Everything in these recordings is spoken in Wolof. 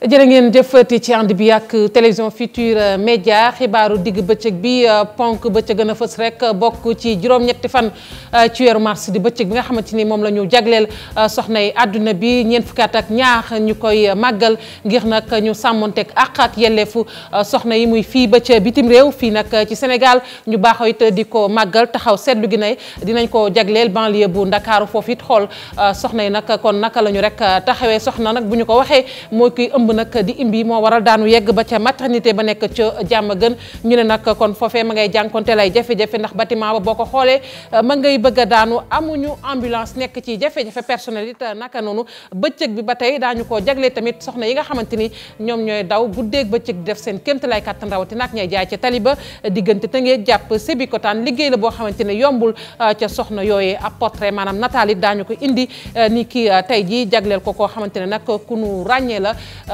jërë ngeen jëfati ci ànd bi ak télévision Futurs média xibaaru digg bëccëg bi ponk bëccëg gën a fës rek bokk ci juróom-ñetti fan euh, ci weeru mars di bëccëg bi nga xamante ni moom la ñu jagleel euh, soxnay àdduna bi ñeent fukki at ñu koy màggal ngir nag ñu sàmmonteeg àq ak yelleefu euh, soxna yi muy fii ba ca bitim réew fii nag ci Sénégal ñu baaxoo it di ko màggal taxaw sedd gi nay dinañ ko jagleel banlieue bu Ndakaaru foofu it xool soxna yi nag kon naka lañu ñu rek taxawee soxna nag bu ñu ko waxee mooy kuy ëmb ëmb nag di imbi moo waral daanu yegg ba ca maternité ba nekk ca jàmm gën ñu ne nag kon foofee ma ngay jànkonte lay jafe-jafe ndax bâtiment ba boo ko xoolee ma ngay bëgg daanu amuñu ambulance nekk ci jafe-jafe personnel it naka noonu bëccëg bi ba tey daañu ko jagle tamit soxna yi nga xamante ni ñoom ñooy daw guddeeg bëccëg di def seen kémt lay kàttan rawatina ak ñay jaay ca taliba diggante te ngee jàpp Sébikotaan liggéey la boo xamante ne yombul uh, ca soxna yooyee ab portrait maanaam nataal it daañu ko indi uh, ni ki uh, tey ji jagleel ko koo xamante ne nag nu ràññee la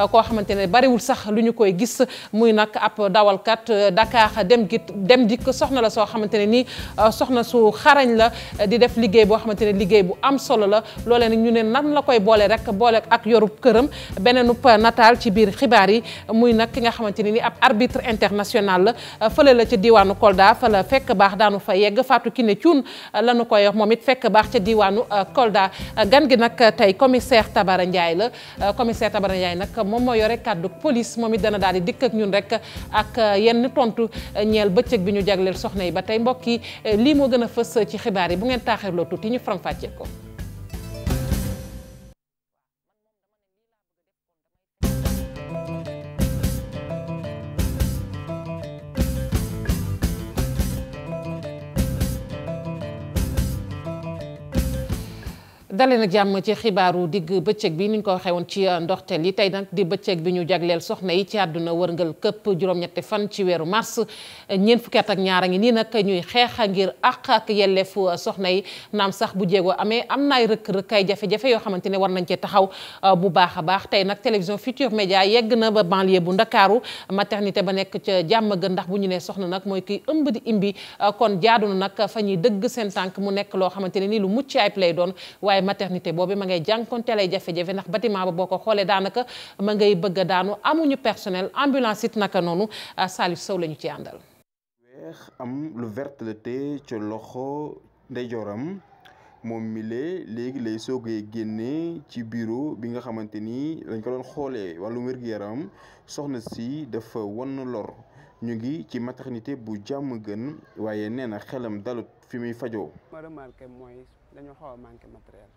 koo xamante ne bariwul sax lu ñu koy gis muy nag ab dawalkat euh, Dakar dem gi dem dikk soxna la soo xamante ne nii euh, soxna su xarañ la euh, di def liggéey boo xamante ne liggéey bu am solo la loolee nag ñu ne nan la koy boole rek boole ak yorub këram beneen nataal ci biir xibaar yi muy nag ki nga xamante ne ni ab arbitre international la fële la ci diwaanu Kolda fa la fekk baax daanu fa yegg Fatou Kiné Thioune lanu koy moom it fekk baax ca diwaanu Kolda gan gi nag tey commissaire Tabara la moom moo yore kàddu police moom it dana daal di dikk ak ñun rek ak euh, yenn tontu euh, ñeel bëccëg bi ñu jagleel soxna yi ba tey mbokk yi euh, lii moo gën a fës ci xibaar yi bu ngeen taaxirloo tuuti ñu faram-fàccee ko. dalee na jàmm ci xibaaru digg bëccëg bi ni ñu ko waxee woon ci euh, ndoxteel yi tey nag di bëccëg bi ñu jagleel soxna yi ci àdduna wërngal këpp juróom-ñetti fan ci weeru mars ñeent fukki at ak ñaar a ngi nii nag ñuy xeex ngir àq ak yelleefu euh, soxna yi naam sax bu jéego amee am naay rëkk-rëkk ay jafe yoo xamante ne war nañ cee taxaw euh, bu baax a baax tey nag télévision Futurs Médias yegg na ba banlieue bu ndakaaru maternité ba nekk ca jàmm ndax bu ñu nee soxna nag mooy kiy ëmb di imbi kon jaadu na nag fa ñuy dëgg seen tànk mu nekk loo xamante ne nii lu mucc ayib lay doon waaye maternité boobu ma ngay jànkonteel ay jafe-jafe ndax bâtiment ba boo ko xoolee daanaka ma ngay bëgg a daanu amuñu personnel ambulance it naka noonu euh, Salif Sow la ñu ci àndal. weex am lu vert la te ci loxo ndeyjooram moom mile léegi lay soogee génne ci bureau bi nga xamante ni dañ ko doon xoolee wàllu wér-gu-yaram soxna si dafa wan lor ñu ngi ci maternité bu jàmm gën waaye nee na xelam dalut. fi muy fajoo. ma remarqué mooy dañu xaw a manqué matériel.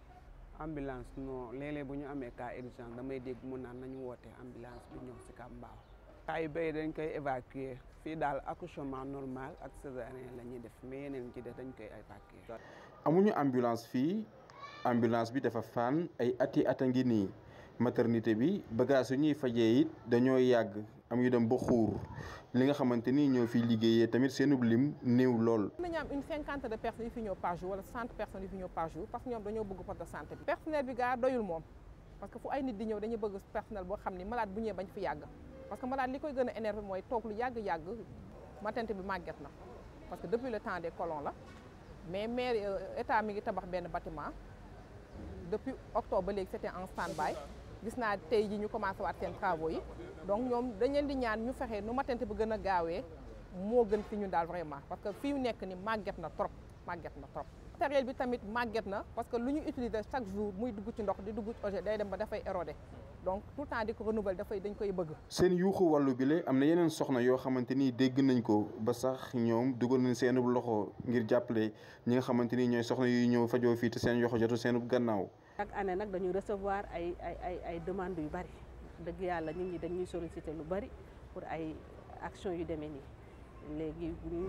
ambulance non léeg bu ñu amee cas urgence damay dégg mu naan nañu wootee ambulance bi ñëw si Kambaaw. cas yu bëri dañ koy évacuer fii daal accouchement normal ak césarienne la ñuy def mais yeneen ci def dañ koy évacuer. amuñu ambulance fii ambulance bi dafa faan ay ati ata ngi nii maternité bi bagage yu ñuy fajee it dañoo yàgg am yu dem ba xuur li nga xamante ni ñoo fiy liggéeyee tamit seenub lim néew lool. mën nañu une de personnes yu fi ñëw par jour cent personnes yu fi ñëw par jour parce que ñoom dañoo bëgg poste de santé bi. personnel bi gaa doyul moom parce que fu ay nit di ñëw dañuy bëgg personnel boo xam ni malade bu ñëwee bañ fi yàgg parce que malade li koy gën a énervé mooy toog lu yàgg-yàgg matante bi màgget na parce que depuis le temps des colons la mais maire euh, état mi ngi tabax benn bâtiment depuis octobre ba léegi c'était en stand gis naa tey ji ñu commencé waat seen travaux yi donc ñoom dañ leen di ñaan ñu fexe nu matante bu gën a gaawee moo gën fi ñu daal vraiment parce que fii nekk ni màgget na trop màgget na trop matériel bi tamit màgget na parce que lu ñu utiliser chaque jour muy dugg ci ndox di dugg ci ojet day dem ba dafay érodé donc tout le temps di ko renouveler dafay dañ koy bëgg. seen yuuxu wàllu bile am na yeneen soxna yoo xamante ni dégg nañ ko ba sax ñoom dugal nañ seen loxo ngir jàppale ñi nga xamante ni ñooy soxna yuy ñëw fajoo fii te seen yoxo jotu seen gannaaw. chaque année nag dañuy recevoir ay ay ay ay demandes yu bari dëgg yàlla nit ñi dañuy solliciter lu bari pour ay action yu demee nii léegi bu ñu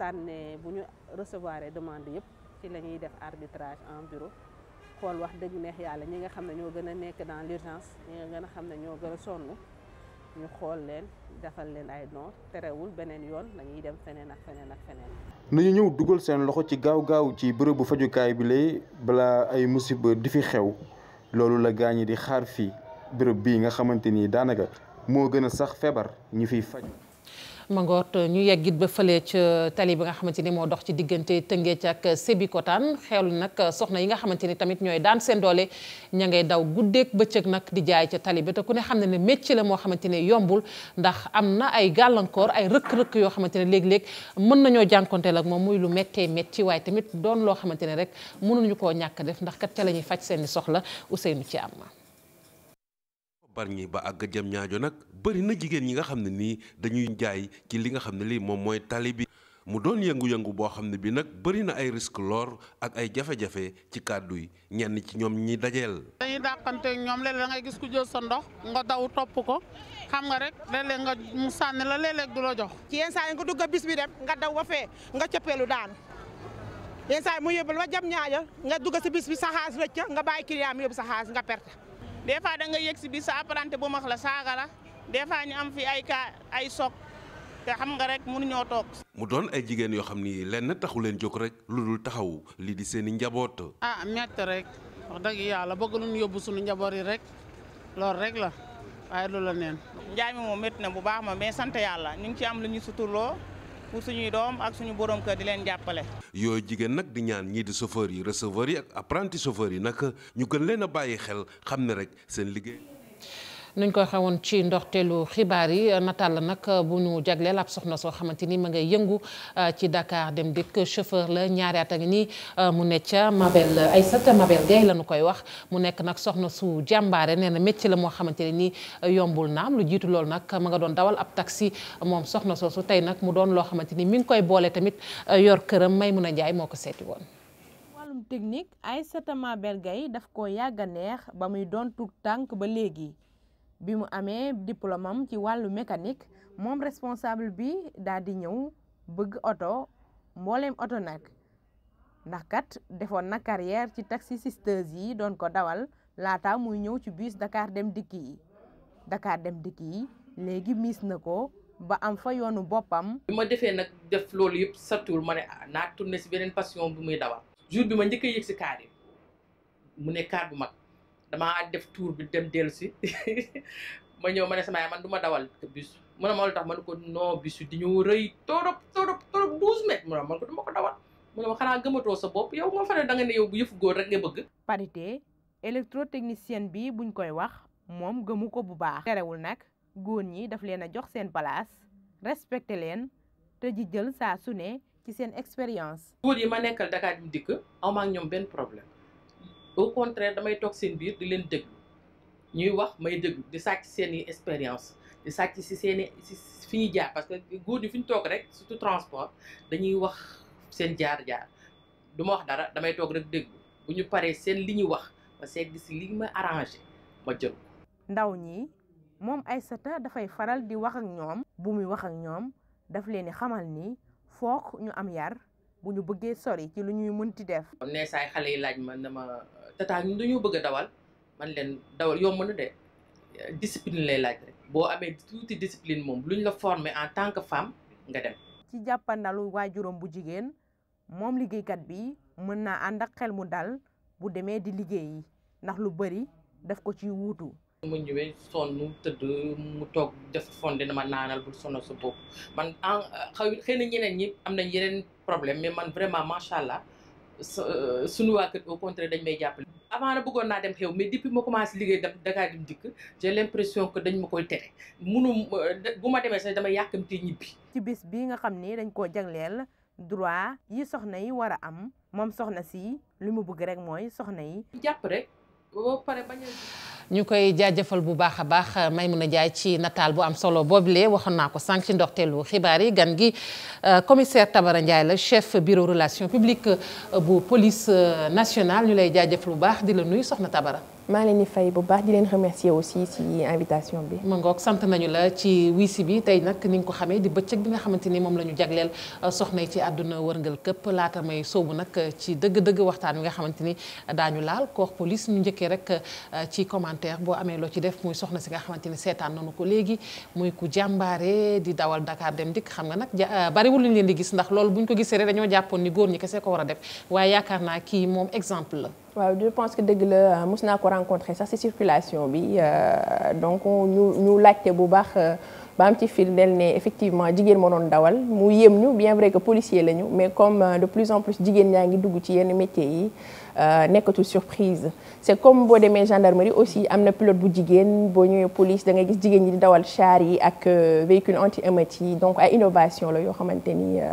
tànnee bu ñu recevoir demande yëpp ci la ñuy def arbitrage en bureau xool wax dëgg neex yàlla ñi nga xam ne ñoo gën a nekk dans l'urgence ñi nga gën a xam ne ñoo gën a sonn ñu xool leen defal leen ay noor terewul beneen yoon dañuy dem feneen ak feneen ak feneen. nañu ñëw dugal seen loxo ci gaaw gaaw ci bërëbu fajukaay bi lay bala ay musiba di fi xew loolu la gaa ñi di xaar fii bërëb bii nga xamante ni daanaka moo gën a sax feebar ñu fiy faj. mangoot ñu yeggit ba fële ca tali bi nga xamante ni moo dox ci diggante Tëngéej ak Sébikotane xeelu nag soxna yi nga xamante ni tamit ñooy daan seen doole ña ngay daw guddeeg bëccëg nag di jaay ca tali bi te ku ne xam ne ne métier la moo xamante ne yombul ndax am na ay gàllankoor ay rëkk-rëkk yoo xamante ne léeg-léeg mën nañoo jànkonteel ak moom muy lu méttee métti waaye tamit doon loo xamante ne rek mënuñu koo ñàkk def ndax kat ca la ñuy faj seeni soxla Ousseynou Thiam par ñi ba àgg jëm ñaajo nag bëri na jigéen ñi nga xam ne nii dañuy jaay ci li nga xam ne lii moom mooy tali bi mu doon yëngu-yëngu boo xam ne bi nag bëri na ay risque loor ak ay jafe-jafe ci kàddu yi ñenn ci ñoom ñi dajeel dañuy dàqante ñoom léeg-léeg da gis ku jël sa ndox nga daw topp ko xam nga rek léeg leen nga mu sànni la léeg-léeg du la jox ci yenn saa yi nga dugg bis bi dem nga daw ba fee nga cëppeelu daan yenn saa yi mu yóbbal ba jëm ñaajo nga dugg si bis bi sa xaas rëcc nga bàyyi client nga perte des fois da nga yëg si bi sa apprenti bu la saaga la des fois ñu am fi ay ka ay sok te xam nga rek mënuñoo toog. mu doon ay jigéen yoo xam ni lenn taxu leen jóg rek lu dul taxaw lii di seen i njaboot. ah métti rek wax dëgg yàlla bëgg lu ñu yóbbu suñu njaboot yi rek loolu rek la waaye loolu la neen. njaay mi moom métti na bu baax ma mais sant yàlla ñu ngi ci am lu ñu suturloo. pour suñuy doom ak suñu borom kër di leen jàppale. yooyu jigéen nag di ñaan ñii di chauffeur yi receveur yi ak aprenti chauffeur yi nag ñu gën leen a bàyyi xel xam ne rek seen liggéey. nuñ koy xewoon ci ndoxteelu xibaar yi nataal la nag bu ñu jagleel ab soxna soo xamante ni ma nga yëngu ah, ci dakaar dem dikk chauffeur la ñaari at nii ah, mu ne ñu koy wax mu nekk nag soxna su jàmbaare nee na métier la moo xamante ne nii yombul naam lu jiitu loolu nag mu nga doon dawal ab taxi moom soxna soo su tey nag mu doon loo xamante ni mi ngi koy boole tamit ah, yor këram Maymuna Njaay moo ko seeti woon. wàllum technique Aïssata Mabel Gaye daf ko yàgg a neex ba muy doon tànk ba léegi. bi mu amee diplôme am ci wàllu mécanique moom responsable bi daal di ñëw bëgg oto mbooleem oto nag ndax kat defoon na carrière ci taxi sisters yi doon ko dawal laata muy ñëw ci bus Dakar dem dikk yi Dakar dem dikk yi léegi miis na ko ba am fa yoonu boppam. bi ma defee nag def loolu yëpp satul ma ne ah, naa tourné si beneen passion bu muy dawal. jour bi ma njëkk a yëg si yi mu ne kaar bu mag. damaa def tour bi dem dellu si ma ñëw ma ne sama yaay man du ma dawal bus mu ne ma lu tax ma ne ko non bus yi dañoo rëy torop torop torop douze mètres mu ne ma ko ko dawal mu xanaa gëmatoo sa bopp yow nga fa ne da nga yëfu góor rek nga bëgg. parité électrotechnicien bi buñ koy wax moom gëmu ko bu baax. terewul nag góor ñi daf leen a jox seen place respecté leen te ji jël saa su ne ci seen expérience. góor yi ma nekkal Dakar Dikk aw ñoom benn problème. au contraire damay toog seen biir di leen déglu ñuy wax may dëgg di sàcc seeni i expérience di sàcc si seen i si fi ñu jaar parce que góor ñi fi ñu toog rek surtout transport dañuy wax seen jaar-jaar duma wax dara damay toog rek déglu bu ñu paree seen li ñu wax ma seeg si li ma arrangé ma jël ndaw ñi moom ay Aïssata dafay faral di wax ak ñoom bu muy wax ak ñoom daf leen di xamal nii foog ñu am yar bu ñu bëggee sori ci lu ñuy mënti def. am ne saay xale yi laaj man dama tata ñun dañoo bëgg a dawal man leen dawal yomb na de discipline lay laaj rek boo amee tuuti discipline moom ñu la former en tant que femme nga dem. ci jàppandalu waajuram bu jigéen moom liggéeykat bi mën naa ànd ak xel mu dal bu demee di liggéeyi ndax lu bëri daf ko ciy wuutu. ma ñëwee sonn tëdd mu toog def fonde na ma naanal bu sonn sa bopp man en xaw xëy na ñeneen ñi am nañ yeneen problème mais man vraiment macha allah suñu euh, waa kër au contraire dañ may jàppale. avant na naa dem xew mais depuis ma commencé liggéey dem Dakar dim dikk j'ai l'impression que dañ ma koy tere munu euh, bu ma demee sax dama yàkkamti ñibbi. ci bis bi nga xam ni dañ koo jagleel droit yi soxna yi war a am moom soxna si li mu bugg rek mooy soxna yi. jàpp rek ñu koy jaajëfal bu baax a baax may Maimouna Ndiaye ci nataal bu am solo boobule waxoon naa ko sànq ci teelu xibaar yi gan gi euh, commissaire Tabara Ndiaye la chef bureau relation publique euh, bu police euh, nationale ñu lay jaajëfal bu baax di la nuyu soxna Tabara. maa leen di fay bu baax di leen remercier aussi ci invitation bi. ma ngoog sant nañu la ci wiisi bi tey nag ni nga ko xamee di bëccëg bi nga xamante ni moom la ñu jagleel euh, soxna yi ci àdduna wërngal këpp laata may soobu nag euh, ci dëgg-dëgg waxtaan bi nga xamante ni daañu laal corps police ñu njëkkee rek euh, ci commentaire boo amee loo ci def muy soxna si nga xamante ni seetaan nañu ko léegi muy ku jàmbaare di dawal Dakar dem dikk xam nga nag ja bariwul lu ñu leen di gis ndax loolu ko gisee rek dañoo jàppoon ni góor ñi kese ko war a def waaye yaakaar naa kii moom exemple la. waaw je pense que dëgg la mos naa ko rencontrer sax ci circulation bi euh, donc ñu ñu laajte bu baax euh, ba am ci firndeel ne effectivement jigéen ma doon dawal mu yem ñu bien vrai que policier lañu mais comme euh, de plus en plus jigéen ñaa ngi dugg ci yenn métiers yi. Euh, nekkatul surprise c'est comme boo demee gendarmerie aussi am na pilote bu jigéen boo ñëwee police da ngay gis jigéen ñi di dawal char yi ak euh, véhicule anti-émeute yi donc ay innovation la yoo xamante ni. Euh,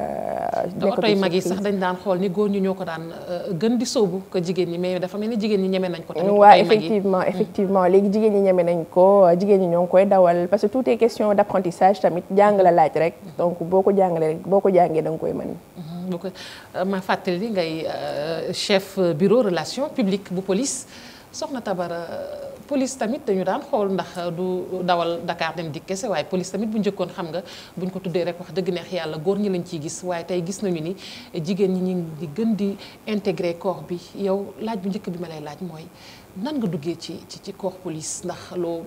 nekkatul oto yu mag yi sax dañ daan xool ni góor ñu ñoo ko daan gën di sóobu ko jigéen ñi mais dafa mel ni jigéen ñi ñeme nañ ko. tamit waaw effectivement mm. effectivement léegi jigéen ñi ñeme nañ ko jigéen ñi ñoo ngi koy dawal parce que tout question d'apprentissage tamit jàng la laaj rek mm. donc boo ko jàngalee rek boo ko jàngee da nga koy mën. Mm-hmm. bu euh, ko ma fàttali ngay euh, chef bureau relation publique bu police soxna Tabara euh, police tamit dañu daan xool ndax du dawal Dakar dem di kese waaye police tamit bu njëkkoon xam nga buñ ko tuddee rek wax dëgg neex yàlla góor ñi lañ ciy gis waaye tey gis nañu ni jigéen ñi ñu di gën di intégré corps bi yow laaj bu njëkk bi ma lay laaj mooy nan nga duggee ci ci ci corps police ndax loo.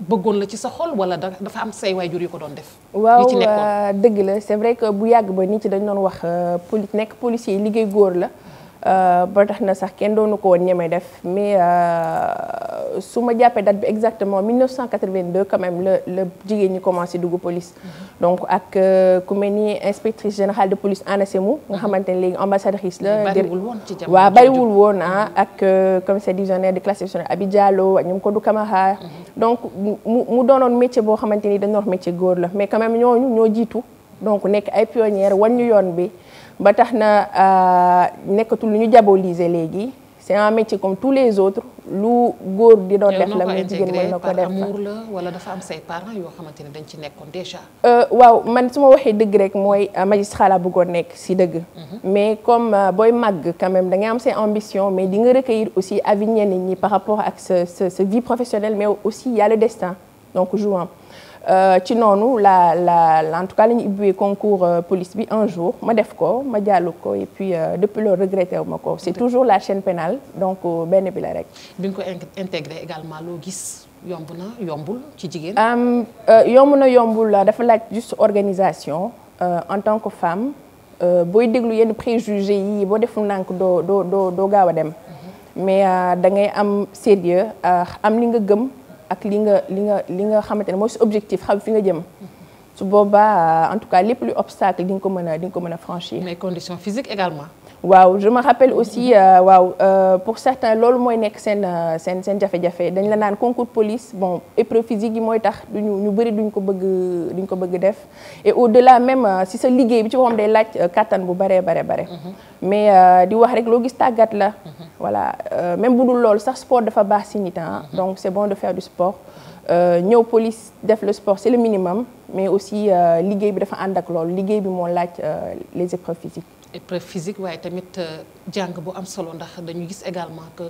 bëggoon la ci sa xol wala dafa am say waajur yi ko doon def. waaw euh, dëgg la c'est vrai que bu yàgg ba nit ci dañu doon wax euh, poli nekk policier liggéey góor la. Euh, ba tax na sax kenn doonu ko woon ñeme def mais euh, su ma jàppee date bi exactement 1982 quand même la la jigéen ñi commencé dugg police. Mm-hmm. donc ak euh, ku mel ni inspectrice générale de police Anna mu nga mm-hmm. xamante ne léegi ambassadrice la. bariwul woon ci jamono waaw bariwul woon ah ak commissaire divisionnaire de classe exceptionnelle Abi Diallo ak ñoom Kodou mm-hmm. donc mu mu doonoon métier boo xamante ni dañoo wax métier góor la mais quand même ñooñu ñoo jiitu donc nekk ay pionnière wan ñu yoon bi. ba tax na euh, nekkatu lu ñu diaboliser léegi c'est un métier comme tous les autres lu góor di doon def la muy jigéen mën na ko def la wala dafa am say yoo xamante ne dañ ci nekkoon déjà euh, waaw man su ma waxee dëgg rek mooy euh, magistrat laa bëggoon nekk si dëgg mhm. mais comme booy màgg quand même da ngay am say ambition mais di nga recueillir aussi avis ñenn ñi par rapport ak sa sa vie professionnelle mais aussi y a le destin donc jouant Euh, ci noonu la la en tout cas la ñu concours euh, police bi un jour ma def ko ma jàllu ko et puis euh, depuis loolu regretté ma ko c'est toujours la chaîne pénale donc benn bi la rek. bi nga ko intégré également loo gis yomb na yombul ci jigéen. yomb na yombul dafa laaj juste organisation en tant que femme booy déglu yenn préjugés yi boo deful ndànk doo doo doo doo gaaw a dem mhm. mais da am sérieux am li nga gëm. ak li nga li nga li nga xamante ne mooy si objectif xam fi nga jëm su boobaa en tout cas lépp lu obstacle di nga ko mën a di ko mën a franchir. mais conditions physiques également. waaw je me rappelle aussi euh, waaw euh, pour certains loolu mooy nekk seen euh, seen seen jafe-jafe dañ la naan concours police bon épreuve physique yi mooy tax duñu ñu bëri duñ ko bëgg du ñu ko bëgg def et au delà même si sa liggéey bi ci waxam day laaj kattan bu baree bare bare mhm. mais di wax rek loo gis tàggat la mhm. voilà même bu dul loolu sax sport dafa baax si nit mhm. donc c'est bon de faire du sport ñëw police def le sport c'est le minimum mais aussi liggéey bi dafa ànd ak loolu liggéey bi moo laaj les épreuves épreuve physique waaye tamit euh, jàng bu am solo ndax dañuy gis également que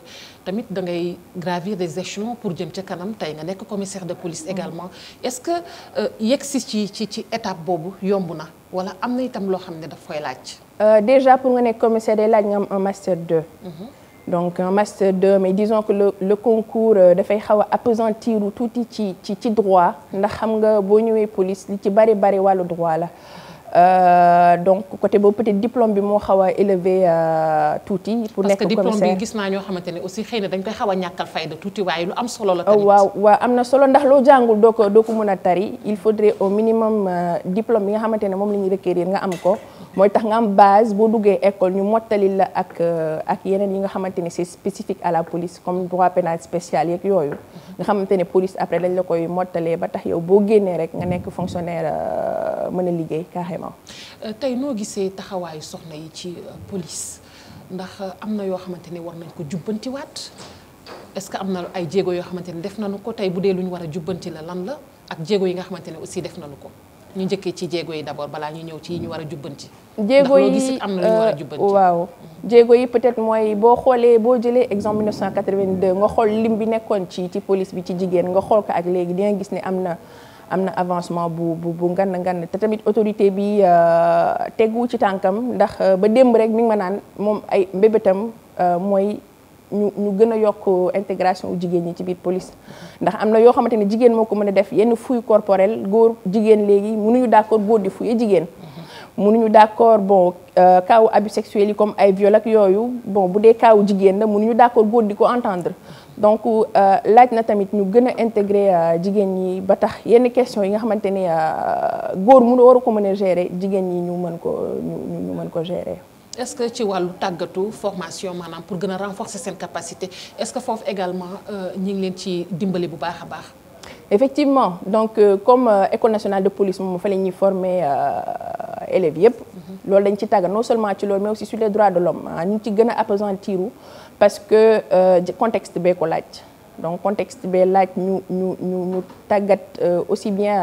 tamit da ngay gravir des échelons pour jëm ca kanam tey nga nekk commissaire de police également mm-hmm. est-ce que euh, yegsi ci ci ci étape boobu yomb na wala am na itam loo xam ne daf koy laaj. Euh, déjà pour nga nekk commissaire day laaj nga am un master 2. Mm-hmm. donc un master 2 mais disons que le le concours dafay xaw a appesantir tuuti ci ci ci droit ndax xam nga boo ñëwee police li ci bari bari wàllu droit la. Euh, donc côté boobu peut-être diplôme bi moo xaw a élevé euh, tuuti. pour nekk commissaire parce que diplôme bi gis naa ñoo xamante ne aussi xëy na dañ koy xaw a ñàkkal fayda tuuti waaye lu am solo la. tamit waaw waaw am na solo ndax loo jàngul doo ko doo ko mën a tari il faudrait au minimum euh, diplôme bi nga xamante ne moom la ñuy requérir nga am ko. mooy tax nga am base boo duggee école ñu mottali la ak euh, ak yeneen yi nga xamante ne c'est spécifique à la police comme droit pénal spécial yeeg yooyu nga xamante ne police après dañ la koy mottalee ba tax yow boo génnee rek nga nekk fonctionnaire euh, mën a liggéey carrément euh, tey noo gisee taxawaayu soxna yi ci police ndax am na yoo xamante ne war nañ ko jubbantiwaat est-ce que am na ay jéego yoo xamante ne def nañu ko tey bu dee lu ñu war a jubbanti la lan la ak jéego yi nga xamante ne aussi def nañu ko ñu njëkkee ci jéego yi d'abord balaa ñu ñëw ci ñu war a jubbanti. jéego yi ndax am na lu euh, waaw. Mm-hmm. jéego yi peut-être mooy boo xoolee boo jëlee exemple 1982 nga xool lim bi nekkoon ci ci police bi ci jigéen nga xool ko ak léegi dinga gis ne am na am na avancement bu bu bu ngan ngan te tamit autorité bi euh, tegu ci tànkam ndax euh, ba démb rek mi ngi ma naan moom ay mbébétam mooy. ñu ñu gën a yokk intégration jigéen ñi ci biir police ndax am na yoo xamante ne jigéen moo ko mën a def yenn fuy corporel góor jigéen léegi munuñu d'accord góor di fuye jigéen mënuñu d'accord bon kaawu euh, abus sexuels yi comme ay viol yooyu bon bu dee kaawu jigéen la mënuñu d'accord góor di ko entendre donc euh, laaj na tamit ñu gën a intégrer euh, jigéen ñi ba tax yenn question yi nga xamante ne góor mënu waru ko mën a gérer jigéen ñi ñu mën ko ñu ñu mën ko gérer est-ce que ci wàllu tàggatu formation maanaam pour gën a renforcer seen capacité est-ce que foofu également euh, ñi ngi leen ci dimbali bu baax a baax. effectivement donc euh, comme euh, école nationale de police moom fa la ñuy former euh, élèves yëpp. Mhm. loolu dañ ci tàggat non seulement ci loolu mais aussi sur les droits de l'homme ah, ñu ci gën a appesantir parce que euh, contexte bee ko laaj. donc contexte bee laaj ñu ñu ñu ñu tàggat aussi bien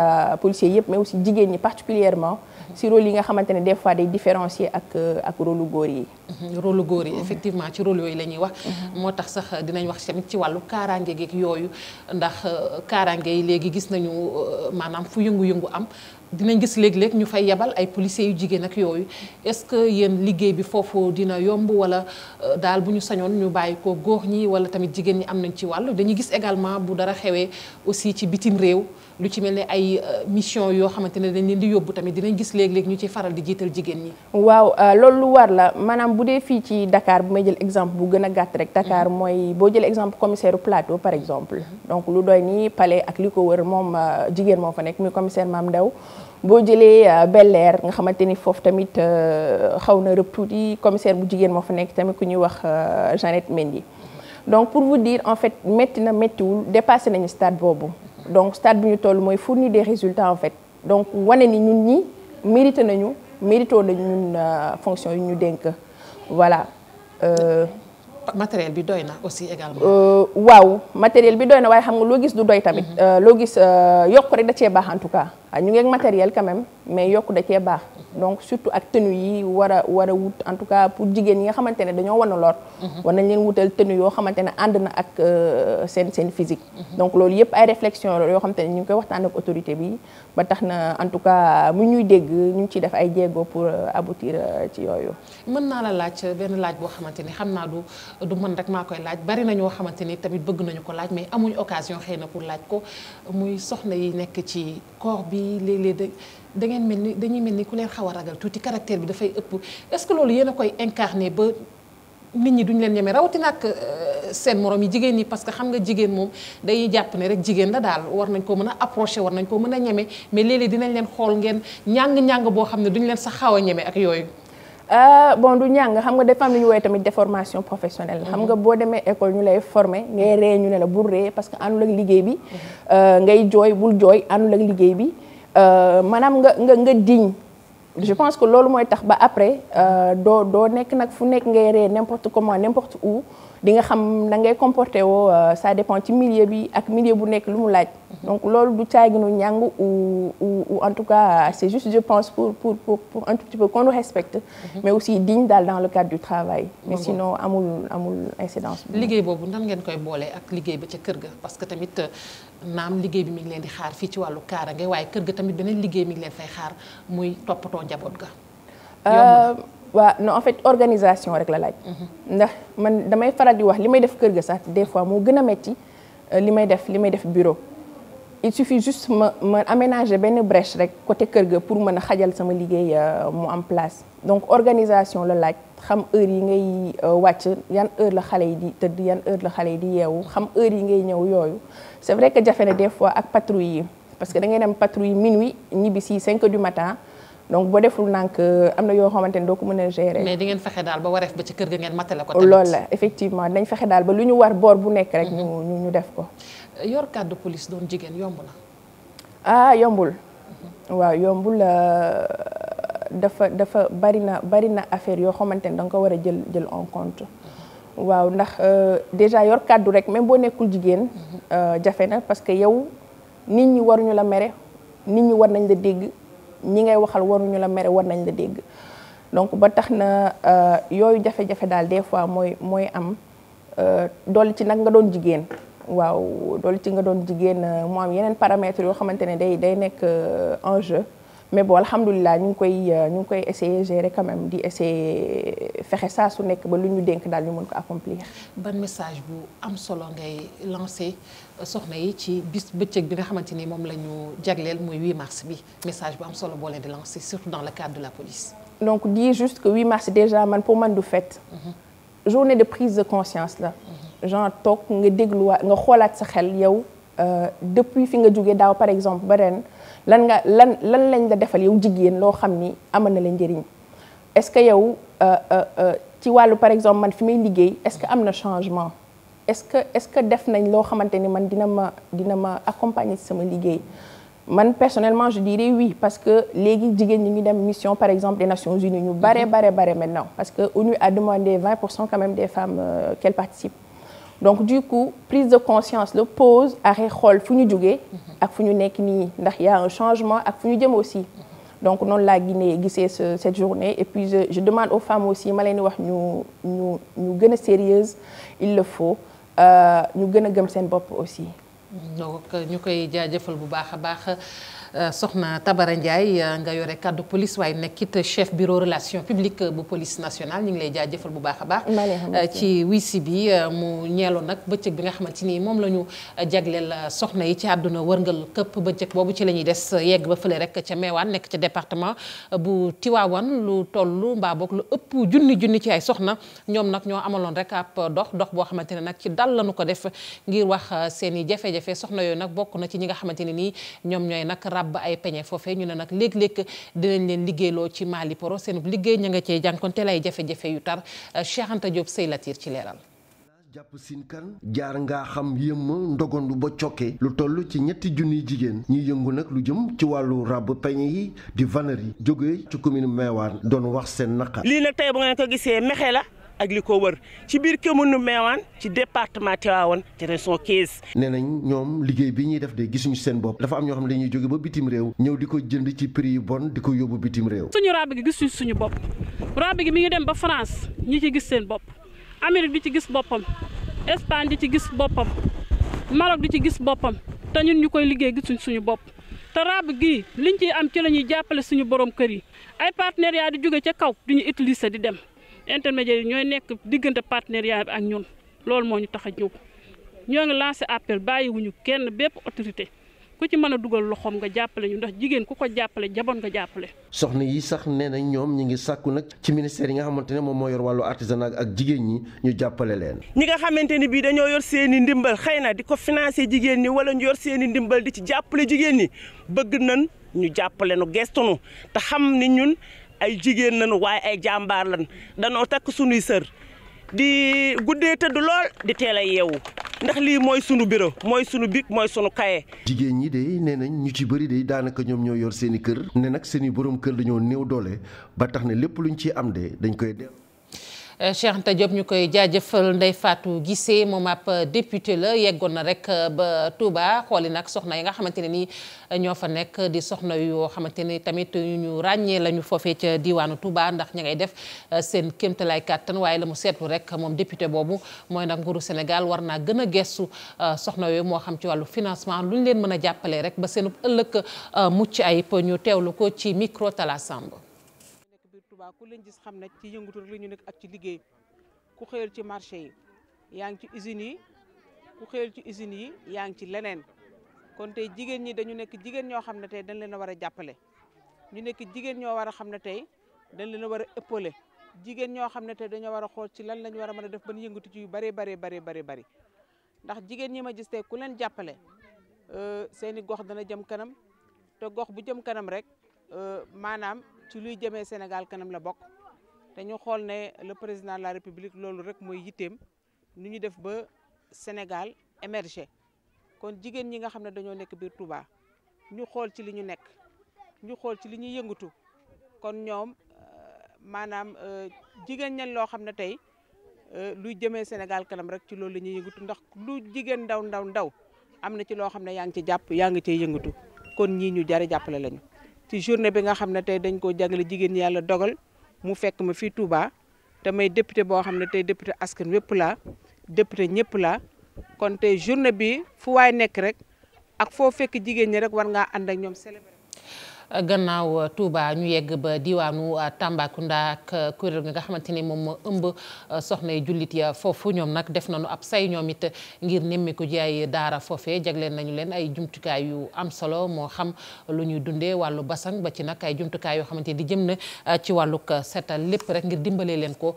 policiers yëpp mais aussi jigéen ñi particulièrement ci rôle yi nga xamante ne des fois day différencier ak euh, ak rôle góor yi. Mm-hmm. rôle góor yi effectivement ci rôle yooyu la ñuy wax. Mm-hmm. moo tax sax dinañ wax tamit ci wàllu kaaraange geeg yooyu ndax euh, kaaraange yi léegi gis nañu euh, maanaam fu yëngu-yëngu am. dinañ gis léeg-léeg ñu fay yebal ay policiers yu jigéen ak yooyu est-ce que yéen liggéey bi foofu dina yomb wala daal bu ñu sañoon ñu bàyyi ko góor ñi wala tamit jigéen ñi am nañ ci wàll dañuy gis également bu dara xewee aussi ci bitim réew. lu ci mel ni ay euh, mission yoo xamante ne dañ leen di yóbbu tamit dinañ gis léeg ñu ci faral di jiital jigéen ñi. waaw euh, loolu lu war la maanaam bu dee fii ci dakaar bu may jël exemple bu gën a gàtt rek. Dakar mhm. mooy boo jëlee exemple commissaire plateau par exemple. Mhm. donc lu doy nii palais ak li ko war moom euh, jigéen moo fa nekk muy commissaire maam Ndao boo jëlee Bel nga xamante ni foofu tamit xaw na rëb tuuti commissaire bu jigéen moo fa nekk tamit ku ñuy wax Jeannette Mendy donc pour vous dire en fait métti na méttiwul dépassé nañu stade boobu. donc stade bu ñu toll mooy fournir des résultats en fait donc wane ni ñun ñi mérité nañu mérito nañu ñun euh, fonction yi ñu dénk voilà. Euh, matériel bi doy na aussi également. Euh, waaw matériel bi doy na waaye xam nga loo gis du doy tamit. Mhm. Euh, loo gis yokk rek da cee baax en tout cas ñu ngi matériel quand mais yokk da cee baax. donc surtout ak tenue yi war a war a wut en tout cas pour jigéen ñi nga xamante ne dañoo wan a lor. Mhm. war nañ leen wutal tenue yoo xamante ne ànd na ak euh, seen seen physique. Mhm. donc loolu yëpp ay réflexion yoo xamante ne ñu ngi koy waxtaan ak autorité bi ba tax na en tout cas mu ñuy dégg ñu ngi ciy def ay jéego pour euh, aboutir euh, ci yooyu. mën naa la laaj benn laaj boo xamante ni xam naa du du mën rek maa koy laaj bari na ñoo xamante ni tamit bëgg nañu ko laaj mais amuñu occasion xëy na pour laaj ko muy soxna yi nekk ci corps bi léeg-léeg da ngeen mel ni dañuy mel ni ku leen xaw a ragal tuuti caractère bi dafay ëpp est-ce que loolu yéen a koy incarné ba nit ñi duñ leen ñeme rawatina ak euh, seen morom yi jigéen ñi parce que xam nga jigéen moom day jàpp ne rek jigéen la daal war nañ ko mën a approché war nañ ko mën a ñeme mais léeg dinañ leen xool ngeen ñàng-ñàng boo xam ne duñ leen sax xaw a ñeme ak yooyu. Euh, bon du ñàng xam nga dafa am ñu woowee tamit déformation professionnelle xam nga mhm. boo demee école ñu lay formé ngay mhm. ree ñu ne la bul ree parce que àndul ak liggéey bi. Euh, ngay jooy bul jooy àndul ak liggéey bi. Euh, maanaam nga nga nga digne je pense que loolu mooy tax ba après euh, doo doo nekk nag fu nekk nga ree n'importe comment n'importe où di nga xam na ngay comporté woo sa euh, dépend ci milieu bi ak milieu bu nekk lu mu laaj donc loolu du caaginu ñàng ou ou en tout cas c'est juste je pense pour pour pour pour un tout petit peu qu'on nous respecte. Mhm. mais aussi digne daal dans le cadre du travail. Ah mais sinon amul amul incidence. liggéey boobu nan ngeen koy boole ak liggéey ba ca kër ga parce que tamit naam liggéey bi mi ngi leen di xaar fii ci wàllu kaaraange waaye kër ga tamit beneen liggéey mi ngi leen fay xaar muy toppatoo njaboot ga. Euh, waaw non en fait organisation rek la laaj. Mhm. ndax man damay faral di wax li may def kër ga sax des fois moo gën a metti euh, li may def li may def bureau. il suffit juste ma ma aménager benn brèche rek côté kër ga pour mën a xajal sama liggéey euh, mu am place donc organisation la laaj xam heure yi ngay euh, wàcc yan heure la xale yi di tëdd yan heure la xale yi di yeewu xam heure yi ngay ñëw yooyu c'est vrai que jafe na des fois ak patrouille yi parce que da ngay dem patrouille minuit ñibbi si cinq heures du matin donc boo deful nank euh, am na yoo xamante ni doo ko mën a gérer. mais di ngeen fexe daal ba wareef ba ci kër ga ngeen matale ko tamit. loolu la effectivement dañ daal ba lu ñu war boor bu nekk rek. ñu ñu def ko. yor kàddu police doon jigéen yombu na. ah yombul. waaw yombul euh, dafa dafa bari na bari na affaire yoo xamante ne da nga ko war a jël jël en waaw ndax euh, déjà yor kàddu rek même boo nekkul jigéen. Euh, jafe na parce que yow nit ñi waruñu la mere nit ñi war nañ la dégg ñi ngay waxal waruñu la mere war nañ la dégg donc ba tax na yooyu jafe-jafe daal des fois mooy mooy am dolli ci nag nga doon jigéen. waaw loolu ci nga doon jigéen euh, moom yeneen paramètres yoo xamante ne day day nekk euh, en jeu mais bon alhamdulilah ñu ngi koy euh, ñu ngi koy essayer gérer quand même di essayer fexe saa su nekk ba lu ñu denk daal ñu mën ko accomplir. ban message bu am solo ngay lancer soxna yi ci bis bëccëg bi nga xamante ni moom la ñu jagleel mooy 8 mars bi message bu am solo boo leen di lancer surtout dans le cadre de la police. donc dire juste que 8 mars déjà man pour man du fête. Mhm. journée de prise de conscience la. genre toog nga dégluwaat nga xoolaat sa xel yow euh, depuis fi nga jógee daaw par exemple ba ren lan nga lan lan lañ la defal yow jigéen loo xam ni amal na la njëriñ est-ce que yow euh, euh, ci wàllu par exemple man fi may liggéey est-ce que am na changement est-ce que est-ce que def nañ loo xamante ni man dina ma dina ma accompagner ci sama liggéey man personnellement je dirais oui parce que léegi jigéen ñi ngi dem mission par exemple des Nations Unies ñu bare mm-hmm. bare bare maintenant parce que ONU a demandé 20 pour cent quand même donc du coup prise de conscience la pause a xool fu ñu jugee ak fu ñu nekk nii ndax y a un changement ak fu ñu jëm aussi donc noonu laa Guinée gisee cette journée et puis je, demande aux femmes aussi ma leen di wax ñu ñu ñu gën a sérieuse il le faut euh, ñu gën a gëm seen bopp aussi donc ñu koy jaajëfal bu baax a baax Euh, soxna Tabara Ndiaye euh, nga yore kàddu police waaye nekkit chef bureau relation publique bu police nationale ñu ngi lay jëfal bu baax a baax. Euh, ci wisi bi mu ñeeloon nag bëccëg bi nga xamante ni moom la ñu jagleel soxna yi ci àdduna wërngal këpp bëccëg boobu ci la ñuy des yegg ba fële rek ca Meewaan nekk ca département bu Tiwaawan lu toll mbaa boog lu ëpp junni junni ci ay soxna ñoom nag ñoo amaloon rek ab dox dox boo xamante ne nag ci dal lañu ko def ngir wax seeni i jafe-jafe soxna yooyu nag bokk na ci ñi nga xamante ne nii ñoom ñooy nag ràbb ay peñe foofee ñu ne nag léeg ci Mali Poro seen liggéey ña nga cee jànkonte lay jafe yu tar Cheikh Anta Diop Sey Latir ci leeral. jàpp sin kan jaar ngaa xam yëmma ndogandu ba cokkee lu toll ci ñetti junniy jigéen ñuy yëngu nag lu jëm ci wàllu ràbb peñe yi di vanneer yi jógee ci commune Meewaan doon wax seen naqar. lii nag tey bu ngeen ko gisee mexe la. ak li ko wër ci biir commune Mewane ci département Tivaouane ci région Thiès. nee nañ ñoom liggéey bi ñuy def de gisuñu seen bopp dafa am ñoo xam ne dañuy jóge ba bitim réew ñëw di ko jënd ci prix yu bon di ko yóbbu bitim réew. suñu rab gi gisuñu suñu bopp rab gi mi ngi dem ba France ñi ci gis seen bopp Amérique di ci gis boppam Espagne di ci gis boppam Maroc di ci gis boppam te ñun ñu koy liggéey gisuñ suñu bopp. te gi li liñ ciy am ci la ñuy jàppale suñu borom kër yi ay partenariat di jóge ca kaw duñu utiliser di dem intermédiaires yi ñooy nekk diggante partenariat bi ak ñun loolu moo ñu tax a jóg ñoo ngi lancé appel bàyyiwuñu kenn bépp autorité ku ci mën a dugal loxoom nga jàppale ñu ndax jigéen ku ko jàppale jaboon nga jàppale. soxna yi sax nee nañ ñoom ñu ngi sàkku nag ci ministère yi nga xamante ne moom moo yor wàllu artisanat ak jigéen ñi ñu jàppale leen. ñi nga xamante ni bii dañoo yor seeni ndimbal xëy na di ko financé jigéen ñi wala ñu yor seen ndimbal di ci jàppale jigéen ñi bëgg nañ ñu jàppale nu gestunu ay jigéen lañu waaye ay jàmbaar lan danoo takk sunuy sër di guddee tëdd lool di teel a yeewu ndax lii mooy sunu bureau mooy sunu bic mooy sunu kaye. jigéen ñi de nee nañ ñu ci bëri de daanaka ñoom ñoo yor seeni kër ne nag seen i borom kër dañoo néew doole ba tax ne lépp lu ñu ci am de dañ koy def. Cheikh Anta Diop ñu koy jaajëfal Ndeye faatu Guissé moom ab député la yeggoon na rek euh, ba Touba xooli nag soxna yi nga xamante ne ni euh, ñoo fa nekk di soxna yoo xamante ni tamit ñu ràññee la ñu foofee ca diwaanu Touba ndax ña ngay def euh, seen kéemtalaay kàttan waaye la mu seetlu rek moom député boobu mooy nag nguuru Sénégal war naa gën a gestu soxna yooyu moo xam ci wàllu financement lu ñu leen mën a jàppalee rek ba seen ëllëg mucc ayib ñu teewlu ko ci micro Talla Touba ku leen gis xam na ci yëngatu rek la ñu nekk ak ci liggéey ku xëyal ci marché yi yaa ngi ci usines yi ku xëyal ci usines yi yaa ngi ci leneen kon tey jigéen ñi dañu nekk jigéen ñoo xam ne tey dañ leen a war a jàppale ñu nekk jigéen ñoo war a xam ne tey dañ leen a war a jigéen ñoo xam ne tey dañoo war a xool ci lan lañu war a mën a def ban yëngatu ci yu bëree bëree bëree bëri ndax jigéen ñi ma gis tey ku leen jàppale euh, seeni gox dana jëm kanam te gox bu jëm kanam rek euh, maanaam ci luy jëmee Sénégal kanam la bokk te ñu xool ne le président la république loolu rek mooy yitteem nu ñu def ba Sénégal émerger kon jigéen ñi nga xam ne dañoo nekk biir Touba ñu xool ci li ñu nekk ñu xool ci li ñuy yëngatu kon ñoom euh, maanaam euh, jigéen ñen loo xam ne tey euh, luy jëmee Sénégal kanam rek ci loolu la ñuy yëngatu ndax lu jigéen ndaw ndaw ndaw am na ci loo xam ne yaa ngi ci jàpp yaa ngi cee yëngatu kon ñii ñu jare jàppale lañu ci journée bi nga xam ne tey dañ koo jagle jigéen yàlla dogal mu fekk ma fi Touba te may député boo xam ne tey député askan wépp laa député ñëpp laa kon tey journée bi fu waay nekk rek ak foo fekk jigéen ñi rek war ngaa ànd ak ñoom célébrer gannaaw euh, Touba ñu yegg ba diwaanu euh, Tambacounda ak euh, kuréel gi nga xamante ni moom moo ëmb soxna yi jullit ya foofu ñoom nag def na nu ab say ñoom it ngir nemmeeku ji daara foofee jagleen nañu leen ay jumtukaay yu am solo moo xam lu ñuy dundee wàllu basang ba ci nag ay jumtukaay yoo xamante ni di jëm na ci wàllug seetal lépp rek ngir dimbalee leen ko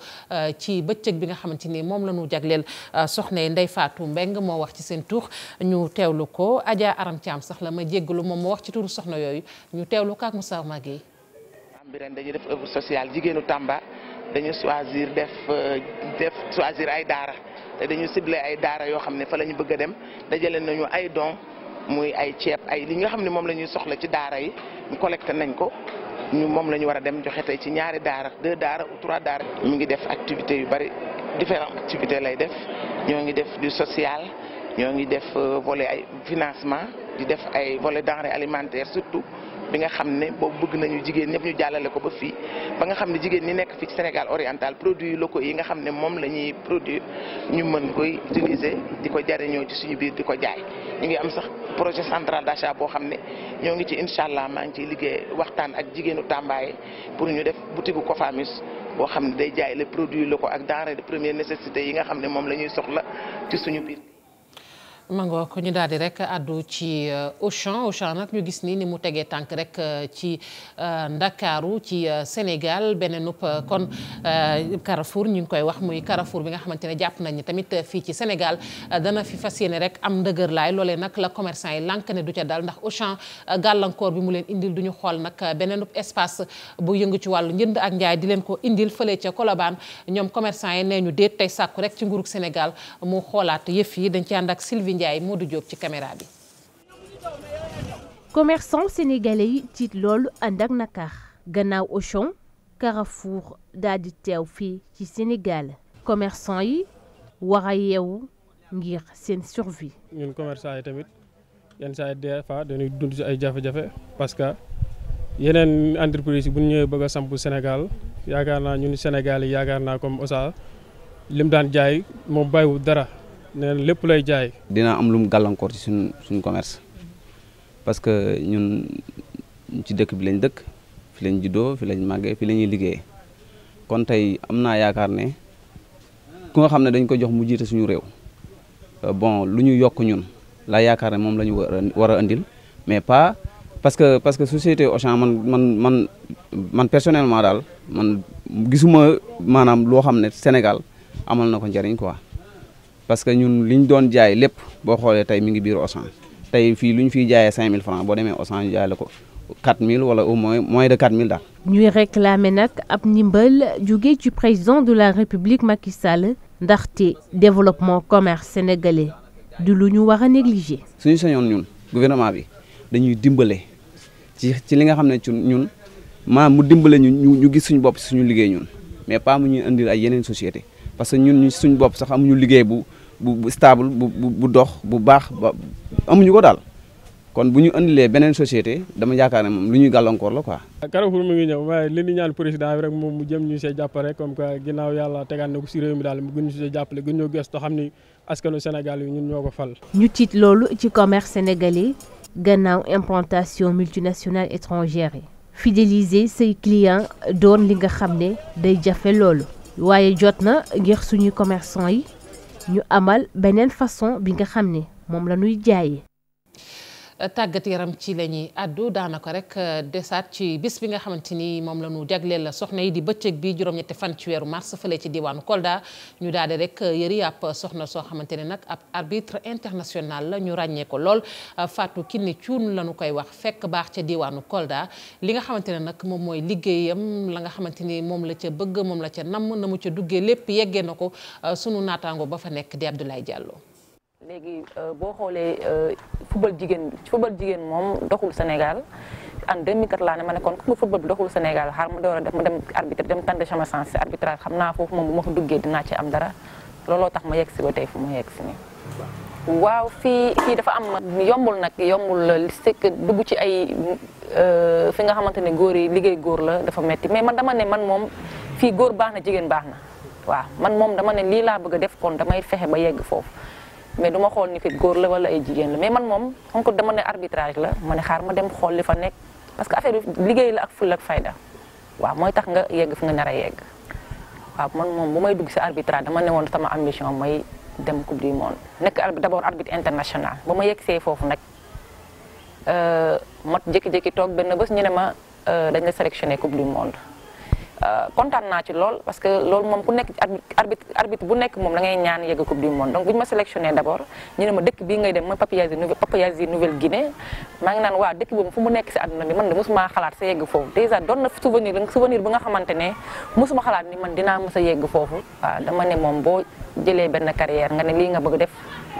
ci bëccëg bi nga xamante ni moom la ñu jagleel soxna yi Ndeye Fatou Mbeng moo wax ci seen tur ñu teewlu ko Adja Aram Thiam sax la ma jéggalu moom moo wax ci turu soxna yooyu teewlu ko ak Moussa Maguette. Birane def œuvre sociale jigéenu Tamba dañu choisir def euh, def choisir ay daara te dañu ciblé ay daara yoo xam ne fa la ñu bëgg a dem dajale nañu ay don muy ay ceeb ay li nga xam ne moom la ñuy soxla ci daara yi ñu collecté nañ ko. ñu moom la ñu war a dem joxe tey ci ñaari daara deux daara ou trois daara. mu ngi def activité yu bari différentes activités lay def ñoo ngi def du social ñoo ngi def euh, volet ay financement di def ay volet denrées alimentaires surtout. bi nga xam ne boobu bëgg nañu jigéen ñëpp ñu jàllale ko ba fii ba nga xam ne jigéen ñi nekk fii ci Sénégal oriental produits locaux yi nga xam ne moom la ñuy produire ñu mën koy utiliser di ko jariñoo ci suñu biir di ko jaay ñu ngi am sax projet central d'achat boo xam ne ñoo ngi ci incha allah maa ngi ciy liggéey waxtaan ak jigéenu tàmbaaye pour ñu def boutique Cofamis boo xam ne day jaay les produits locaux ak denrées de première nécessité yi nga xam ne moom la ñuy soxla ci suñu biir mangoo ko ñu daal di rek addu ci euh, Auchan Auchan nag ñu gis nii ni mu tegee tànk rek euh, ci euh, Ndakaaru ci Sénégal beneen up kon Carrefour ñu ngi koy wax muy Carrefour bi nga xamante ne jàpp nañu tamit fii ci Sénégal dana fi fas yéene rek am ndëgër laay loole nag la commerçant yi lànk ne du ca dal ndax Auchan gàllankoor bi mu leen indil du ñu xool nag beneen up espace bu yëngu ci wàllu njënd ak njaay di leen ko indil fële ca Colobane ñoom commerçant yi nee ñu déet tey sàkku rek ci nguurug Sénégal Khady Ndiaye Modou Diop ci caméra bi. commerçant sénégalais yi tiit loolu ànd ak nakaar gannaaw Auchan Carrefour daal di teew fii ci Sénégal commerçant yi war a yeewu ngir seen survie. ñun commerçant yi tamit yenn saa yi des fois dañuy dund ay jafe-jafe parce que yeneen entreprise yi bu ñëwee bëgg a sampu Sénégal yaakaar naa ñun Sénégal yi yaakaar naa comme Osa lim daan jaay moom bàyyiwul dara. nee lépp lay jaay. dina am lu mu gàllankoor ci suñ suñ commerce parce que ñun ci dëkk bi lañ dëkk fi lañ juddoo fi lañ màggee fi lañuy ñuy kon tey am naa yaakaar ne ku xam ne dañ ko jox mu jiite suñu réew euh, bon lu ñu yokk ñun laa yaakaar ne moom la ñu war a indil mais pas parce que parce que société Auchan man man man man personnellement daal man gisuma maanaam loo xam ne Sénégal amal na ko njëriñ quoi. parce que ñun li ñu doon jaay lépp boo xoolee tey mu ngi biir Auchan tey fii lu ñu fiy jaayee 5000 francs boo demee Auchan jaay la ko 4000 wala au moins moins de 4000 daal. ñuy réclamer nag ab ndimbal jóge ci président de la république Macky Sall ndaxte développement commerce sénégalais du lu ñu war a négliger. suñu sañoon ñun gouvernement bi dañuy dimbale ci ci li nga xam ne ñun maam mu dimbale ñu ñu gis suñu bopp suñu liggéey ñun mais pas mu ñuy indil ay yeneen société parce que ñun ñu suñ bopp sax amuñu liggéey bu bu stable bu bu dox bu baax ba amuñu ko daal kon bu ñu indilee beneen société dama yaakaar ne moom lu ñuy gàllankoor la quoi. Carrefour mu ngi ñëw waaye li ñu ñaan président bi rek moom mu jëm ñu see jàppale comme que ginnaaw yàlla tegaan na ko si réew mi daal mu gën ñu see jàppale gën ñoo gëstu xam ni askanu Sénégal yi ñun ñoo ko fal. ñu tiit loolu ci commerce sénégalais gannaaw implantation multinationale étrangère yi fidéliser say clients doon li nga xam ne day jafe loolu. waaye jot na ngir suñu commerçant yi ñu amal beneen façon bi nga xam ni moom la ñuy tàggat yaram ci la ñuy àddu daanaka rek euh, desaat ci bis bi nga xamante ni moom la ñu la soxna yi di bëccëg bi juróom-ñetti fan ci weeru mars fële ci diwaanu Kolda ñu daal di rek euh, yëri ab soxna soo xamante ne nag ab arbitre international la ñu ràññee ko lool euh, Fatou Kiné cuun la ñu koy wax fekk baax ca diwaanu Kolda li nga xamante ne nag moom mooy liggéeyam la nga xamante ni moom la ca bëgg moom la ca namm na mu ca duggee lépp yeggee na ko sunu naataango ba fa nekk di Abdoulaye jàlloo léegi euh, boo xoolee euh, football jigéen football jigéen moom doxul Sénégal en 2004 laa ne ma ne kon ku football bi doxul Sénégal xaar ma door a def ma dem dem tànn sama sens si arbitrage xam naa foofu moom bu ma fa duggee dinaa ci am dara looloo tax ma yegg si ba tey fu ma yegg waaw fii fii dafa am yombul nag yombul la c'est que dugg ci ay euh, fi nga xamante ne góor yi liggéey góor la dafa metti mais man dama ne man moom fii góor baax na jigéen baax na waaw man moom dama ne lii laa bëgg a def kon damay fexe ba yegg foofu. mais duma xool ni que góor la wala ay jigéen la mais man moom xam ko dama ne arbitrage la ma ne xaar ma dem xool li fa nekk parce que affaire bi liggéey la ak ful ak fayda waaw mooy tax nga yegg fi nga nar a yegg waaw man moom bu may dugg si arbitrage dama ne woon sama ambition mooy dem coupe du monde nekk d'abord arbitre international ba ma yegg see foofu nag euh, ma jékki-jékki toog benn bés ñu ne ma euh, dañ la sélectionné coupe du monde. Euh, kontaan naa ci lool parce que loolu moom ku nekk arbitre arbitre bu nekk moom da ngay ñaan yegg coupe du monde donc bu ñu ma sélectionné d' abord ñu ne ma dëkk bii ngay dem mooy Papouasie Nouvelle Guinée maa ngi naan waa dëkk boobu fu mu nekk si àdduna bi man de mosuma xalaat sa yegg foofu dèjà doon na souvenir souvenir bu nga xamante ne mosuma xalaat ni man dinaa mos a yegg foofu waaw dama ne moom boo jëlee benn carrière nga ne lii nga bëgg def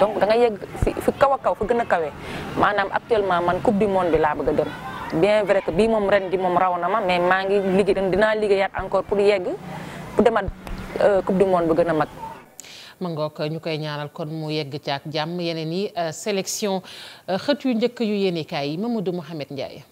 donc da nga fi kaw a kaw fu gën a kawe maanaam actuellement man coupe du monde bi laa bëgg dem bien vrai que bii moom ren ji moom raw na ma mais maa ngi liggéey dinaa liggéeyaat encore pour yegg pour demaat euh, coupe du monde bu gën a mag. ma ngoog ñu koy ñaanal kon mu yegg ci ak jàmm yeneen yi euh, sélection euh, xët yu njëkk yu yéenekaay yi Mamadou Mouhamed Ndiaye.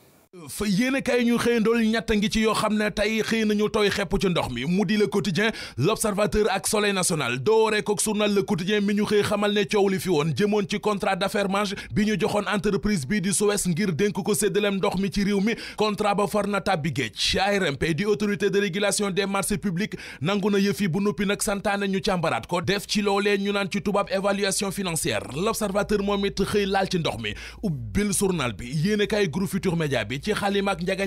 fa yéen a kaay ñu xëyandool ñett ngi ci yoo xam ne tey xëy nañu tooy xepp ci ndox mi mu di le quotidien l' observateur ak soleil national doo dooree ko journal le quotidien mi ñu xëy xamal ne coow li fi woon jëmoon ci contrat d'affermage bi ñu joxoon entreprise bii di Suez ngir dénk ko séddaleem ndox mi ci réew mi contrat ba far na tàbbi géej ARMP di autorité de régulation des marchés publics nangu na yëf yi bu noppi nag santaane ñu càmbaraat ko def ci loolee ñu naan ci tubaab évaluation financière l' observateur moom it xëy laal ci ndox mi ubbil journal bi yéen a kaay groupe Média bi ci xalima ak Njaga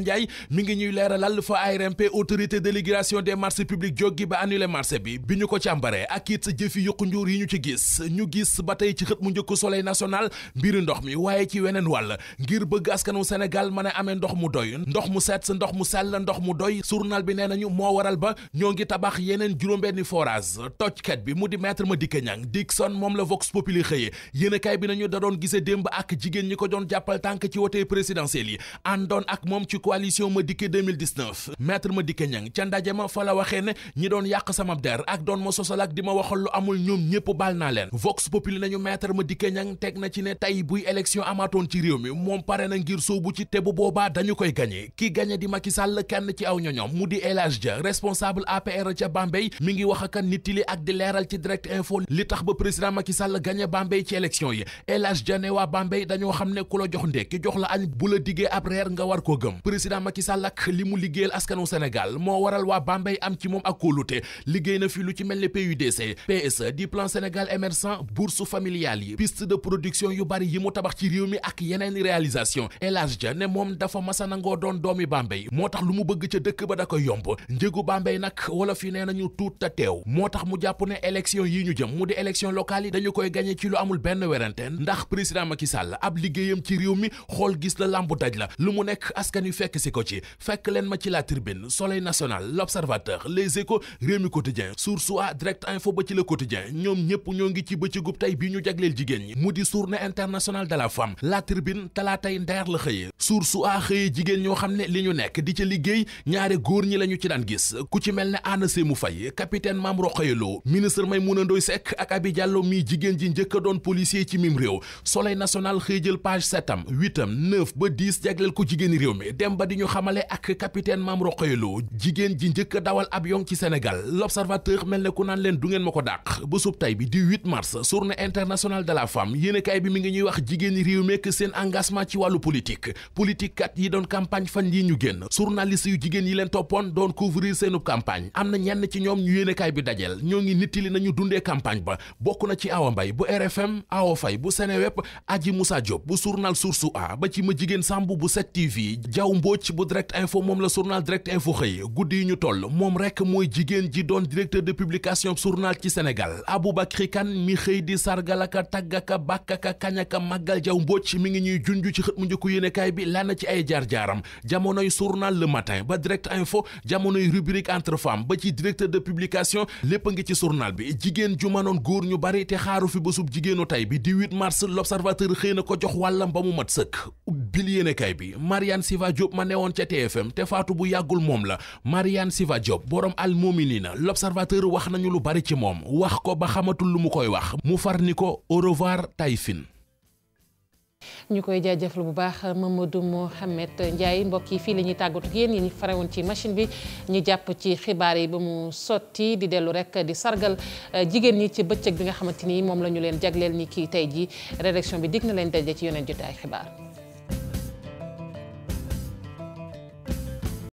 mi ngi ñuy leeralal fa ARMP autorité de régulation des marchés publics jóggi ba annulé marché bi bi ñu ko càmbaree ak it jëfi yuqu njuur yi ñu ci gis ñu gis ba tey ci xët mu njëkk soleil national mbiru ndox mi waaye ci weneen wàll ngir bëgg askanu Sénégal mën a amee ndox mu doy ndox mu set ndox mu sell ndox mu doy surnal bi nee nañu moo waral ba ñoo ngi tabax yeneen juróom-benni forage tojkat bi mu di maître Madické Niang Dickson moom la Vox Populi xëyee yéenekaay bi nañu da doon gisee démb ak jigéen ñi ko doon jàppal tànk ci wote présidentiel yi ànd àndoon ak moom ci coalition Madické 2019 maître Madické Niang ca ndaje ma fa la waxee ne ñi doon yàq sama der ak doon ma sosal ak di ma waxal lu amul ñoom ñëpp baal naa leen Vox Populi nañu maître Madické teg na ci ne tey buy élection amaatoon ci réew mi moom pare na ngir soobu ci te bu boobaa dañu koy gañe ki gañe di Macky Sall kenn ci aw ñoñom mu di El Hadj Dia responsable APR ca Bambey mi ngi wax ak nit li ak di leeral ci direct info li tax ba président makki Sall gañe Bambey ci élection yi El Hadj Dia ne waa Bambey dañoo xam ne ku la jox ndékki jox la añ bu la diggee ab reer nga war koo gëm président Macky ak li mu liggéeyal askanu senegal moo waral waa Bambey am ci moom ak kóolute liggéey na fi lu ci mel ne PUDC PSE di plan Sénégal émergent bourse familiale yi piste de production yu bari yi mu tabax ci réew mi ak yeneen réalisation El Hadj ne moom dafa masa nangoo doon doomi Bambey moo tax lu mu bëgg ca dëkk ba da koy yomb njëgu Bambey nag wala fi nee nañu tuut te teew moo tax mu jàpp ne élection yi ñu jëm mu di élection locale y dañu koy gagné ci lu amul benn werante ndax président Macky Sall ab liggéeyam ci réew mi xool gis la lambu nekk askan wi fekk si ko ci fekk leen ma ci la tribune soleil national l'observateur les échos réwmi quotidien source a direct info ba ci le quotidien ñoom ñëpp ñoo ngi ci bëccëgub tey bi ñu jagleel jigéen ñi mu di journée internationale de la femme la tribune talaatay ndeer la xëyee source a xëyee jigéen ñoo xam ne li ñu nekk di ca liggéey ñaare góor ñi lañu ñu ci daan gis ku ci mel ne Anna Sémou Faye capitaine Mame Rokhaya Lo ministre Maïmouna Ndoye Seck ak Abi a doon policier ci mim réew soleil national xëy jël page septam jigéeni réew mi dem ba di ñu xamale ak capitaine Mame Rokhaya Lo jigéen ji njëkk a dawal avion ci Sénégal l'observateur mel ne ku naan leen du ngeen ma ko dàq bésub tay bi di mars journée internationale de la femme yéenekaay bi mi ngi ñuy wax jigéeni réew mi seen engagement ci wàllu politique politique kat yi doon campagne fan yi ñu génn journaliste yu jigéen yi leen toppoon doon couvrir seenub campagne am na ñenn ci ñoom ñu yéenekaay bi dajeel ñoo ngi nittali nañu dundee campagne A ba ci TV Jaw Mbooc bu direct info moom la journal direct info xëy guddi yi ñu toll moom rek mooy jigéen ji doon directeur de publication journal ci Sénégal Aboubacry Kane mi xëy di sargalaka tàggaka bàkkaka kañaka màggal Jaw Mbooc mi ngi ñuy junj ci xët mu njëkku yéenekaay bi lana ci ay jaar-jaaram jamonoy journal le matin ba direct info jamonoy rubrique entre femmes ba ci directeur de publication lépp a ngi ci journal bi jigéen ju manoon góor ñu bari te xaaru fi bésub jigéenu tey bi di 8 mars l'observateur xëy na ko jox Mariane Siva ma newoon ca TFM te faatu bu yàggul moom la Mariane Siva Diop borom Al-Mominina L'Observateur wax nañu lu bari ci moom wax ko ba xamatul lu mu koy wax mu far ni ko au revoir Taïfin ñu koy jaajëfal bu baax Mamadou Mohamed Ndiaye njaay yi fii la ñuy tàggatu yéen ñi farewoon ci machine bi ñu jàpp ci xibaar yi ba mu sotti di dellu rek di sargal eh, jigéen ñi ci bëccëg bi nga xamante ni moom la ñu leen jagleel ni kii tey ji rédaction bi dig na leen daje ci yeneen jotaay xibaar.